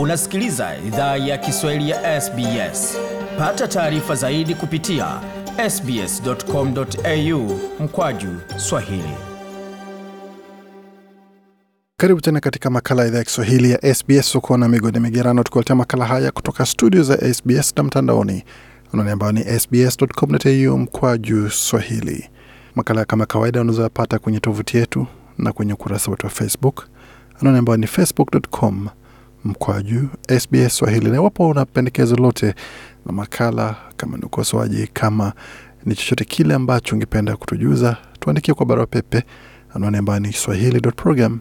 Unasikiliza idhaa ya Kiswahili ya SBS. Pata taarifa zaidi kupitia sbs.com.au mkwaju swahili. Karibu tena katika makala ya idhaa ya Kiswahili ya SBS huko migodi migerano, tukiwaletea makala haya kutoka studio za SBS na mtandaoni anwani ambayo ni sbs.com.au mkwaju swahili. Makala kama kawaida unazoyapata kwenye tovuti yetu na kwenye ukurasa wetu wa Facebook anwani ambayo ni facebook.com mkwaju SBS Swahili, na iwapo una pendekezo lolote na makala, kama ni ukosoaji, kama ni chochote kile ambacho ungependa kutujuza, tuandikie kwa barua pepe, anwani ambayo ni swahili.program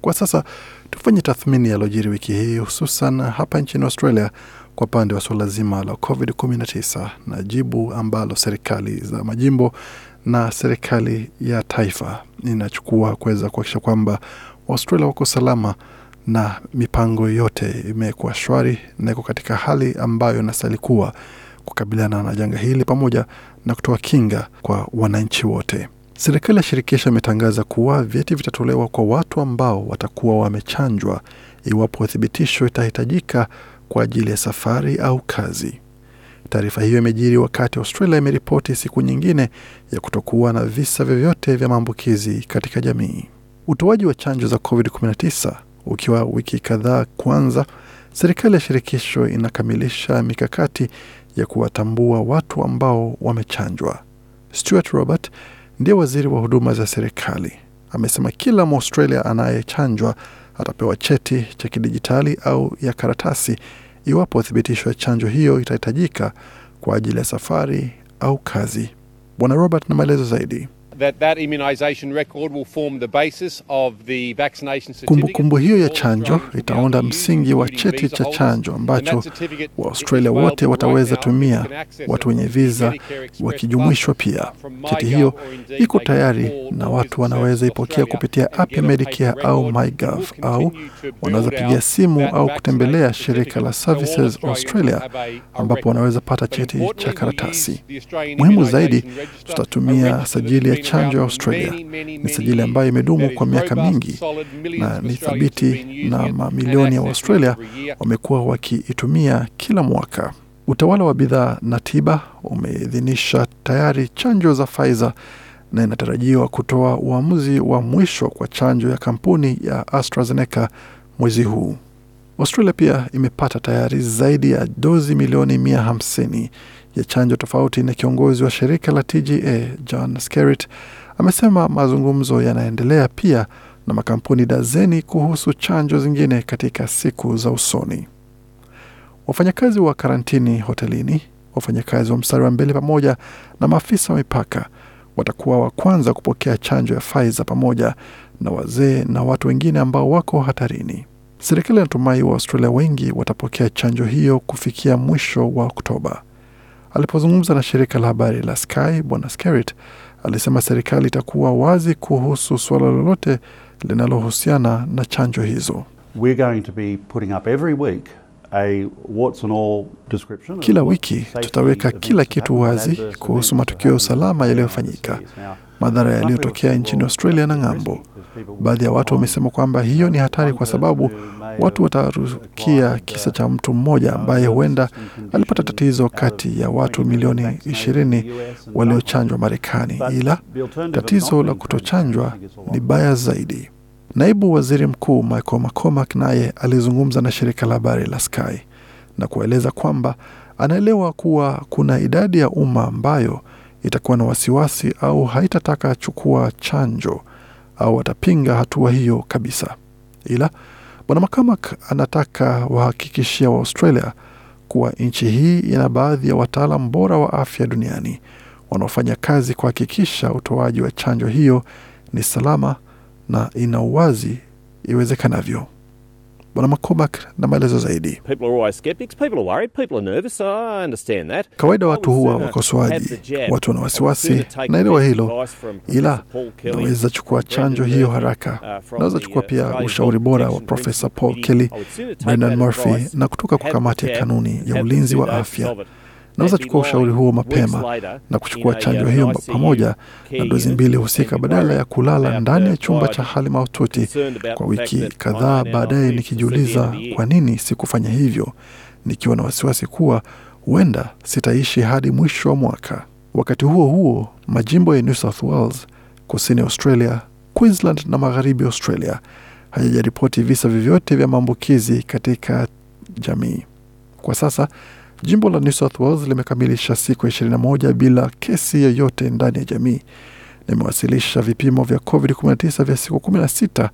Kwa sasa tufanye tathmini lojiri wiki hii, hususan hapa nchini Australia kwa upande wa suala zima la COVID-19 na jibu ambalo serikali za majimbo na serikali ya taifa inachukua kuweza kuakisha kwamba Waustralia wako salama na mipango yote imekuwa shwari na iko katika hali ambayo inastahili kuwa kukabiliana na janga hili pamoja na kutoa kinga kwa wananchi wote. Serikali ya shirikisho imetangaza kuwa vyeti vitatolewa kwa watu ambao watakuwa wamechanjwa iwapo uthibitisho itahitajika kwa ajili ya safari au kazi. Taarifa hiyo imejiri wakati Australia imeripoti siku nyingine ya kutokuwa na visa vyovyote vya maambukizi katika jamii. Utoaji wa chanjo za COVID-19 ukiwa wiki kadhaa kwanza, serikali ya shirikisho inakamilisha mikakati ya kuwatambua watu ambao wamechanjwa. Stuart Robert ndiye waziri wa huduma za serikali, amesema kila Mwaustralia anayechanjwa atapewa cheti cha kidijitali au ya karatasi iwapo uthibitisho wa chanjo hiyo itahitajika kwa ajili ya safari au kazi. Bwana Robert na maelezo zaidi that that immunization record will form the basis of the vaccination certificate. Kumbukumbu hiyo ya chanjo itaunda msingi wa cheti cha chanjo ambacho Waaustralia wote wataweza tumia, watu wenye viza wakijumuishwa pia. Cheti hiyo iko tayari na watu wanaweza ipokea kupitia app ya Medicare au MyGov, au wanaweza pigia simu au kutembelea shirika la Services Australia ambapo wanaweza pata cheti cha karatasi. Muhimu zaidi, tutatumia sajili ya chanjo ya Australia ni sajili ambayo imedumu kwa miaka mingi na ni thabiti, na mamilioni ya Waustralia wamekuwa wakiitumia kila mwaka. Utawala wa bidhaa na tiba umeidhinisha tayari chanjo za Pfizer na inatarajiwa kutoa uamuzi wa mwisho kwa chanjo ya kampuni ya AstraZeneca mwezi huu. Australia pia imepata tayari zaidi ya dozi milioni hamsini ya chanjo tofauti na kiongozi wa shirika la TGA John Skerritt amesema mazungumzo yanaendelea pia na makampuni dazeni kuhusu chanjo zingine katika siku za usoni. Wafanyakazi wa karantini hotelini, wafanyakazi wa mstari wa mbele pamoja na maafisa wa mipaka watakuwa wa kwanza kupokea chanjo ya Pfizer pamoja na wazee na watu wengine ambao wako hatarini. Serikali inatumai australia wengi watapokea chanjo hiyo kufikia mwisho wa Oktoba. Alipozungumza na shirika la habari la Sky, Bwana Skerrit alisema serikali itakuwa wazi kuhusu suala lolote linalohusiana na chanjo hizo. We're going to be putting up every week kila wiki tutaweka kila kitu wazi kuhusu matukio ya usalama yaliyofanyika, madhara yaliyotokea nchini Australia na ng'ambo. Baadhi ya watu wamesema kwamba hiyo ni hatari kwa sababu watu watarukia kisa cha mtu mmoja uh, ambaye huenda alipata tatizo kati ya watu milioni ishirini waliochanjwa Marekani, ila tatizo la kutochanjwa ni baya zaidi. Naibu waziri mkuu Michael McCormack naye alizungumza na shirika la habari la Sky na kueleza kwamba anaelewa kuwa kuna idadi ya umma ambayo itakuwa na wasiwasi au haitataka chukua chanjo au atapinga hatua hiyo kabisa, ila bwana McCormack anataka wahakikishia wa Australia kuwa nchi hii ina baadhi ya wataalam bora wa afya duniani wanaofanya kazi kuhakikisha utoaji wa chanjo hiyo ni salama na ina uwazi iwezekanavyo. Bwana Macobak na maelezo zaidi. Kawaida watu huwa uh, wakosoaji, watu wana wasiwasi, naelewa hilo, ila naweza chukua chanjo hiyo haraka. Uh, naweza uh, chukua pia ushauri bora wa Profesa Paul Kelly, Brendan Murphy na kutoka kwa kamati ya kanuni ya ulinzi wa afya Naweza chukua ushauri huo mapema na kuchukua chanjo hiyo pamoja na dozi mbili husika badala ya kulala ndani ya chumba cha hali mahututi kwa wiki kadhaa, baadaye nikijiuliza kwa nini sikufanya hivyo, nikiwa na wasiwasi kuwa huenda sitaishi hadi mwisho wa mwaka. Wakati huo huo, majimbo ya New South Wales, kusini Australia, Queensland na magharibi Australia hayajaripoti visa vyovyote vya maambukizi katika jamii kwa sasa. Jimbo la New South Wales limekamilisha siku 21 bila kesi yoyote ndani ya jamii. Limewasilisha vipimo vya COVID-19 vya siku 16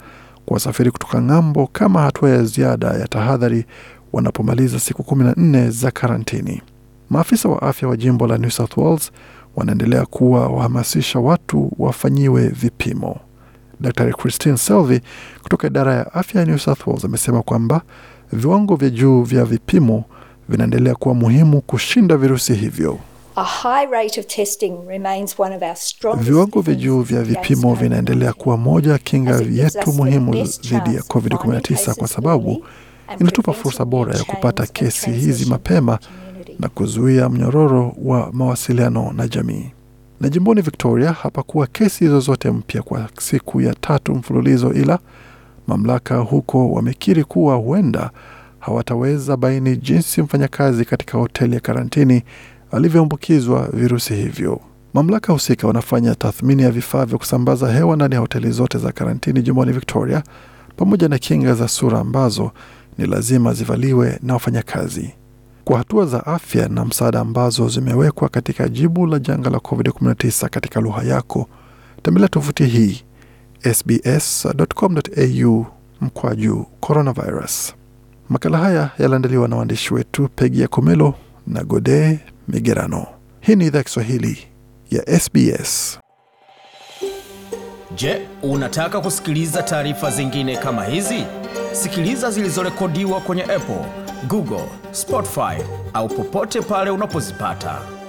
kwa wasafiri kutoka ng'ambo kama hatua ya ziada ya tahadhari wanapomaliza siku 14 za karantini. Maafisa wa afya wa jimbo la New South Wales wanaendelea kuwa wahamasisha watu wafanyiwe vipimo. Daktari Christine Selvey kutoka idara ya afya ya New South Wales amesema kwamba viwango vya juu vya vipimo vinaendelea kuwa muhimu kushinda virusi hivyo. Viwango vya juu vya vipimo vinaendelea kuwa moja kinga yetu muhimu dhidi ya COVID-19 kwa sababu inatupa fursa bora ya kupata kesi hizi mapema na kuzuia mnyororo wa mawasiliano na jamii. Na jimboni Victoria hapakuwa kesi zozote mpya kwa siku ya tatu mfululizo, ila mamlaka huko wamekiri kuwa huenda hawataweza baini jinsi mfanyakazi katika hoteli ya karantini alivyoambukizwa virusi hivyo. Mamlaka husika wanafanya tathmini ya vifaa vya kusambaza hewa ndani ya hoteli zote za karantini jumbani Victoria, pamoja na kinga za sura ambazo ni lazima zivaliwe na wafanyakazi. Kwa hatua za afya na msaada ambazo zimewekwa katika jibu la janga la COVID-19 katika lugha yako, tembelea tovuti hii sbs.com.au mkwaju coronavirus. Makala haya yaliandaliwa na waandishi wetu Pegi ya Komelo na Gode Migerano. Hii ni idhaa Kiswahili ya SBS. Je, unataka kusikiliza taarifa zingine kama hizi? Sikiliza zilizorekodiwa kwenye Apple, Google, Spotify au popote pale unapozipata.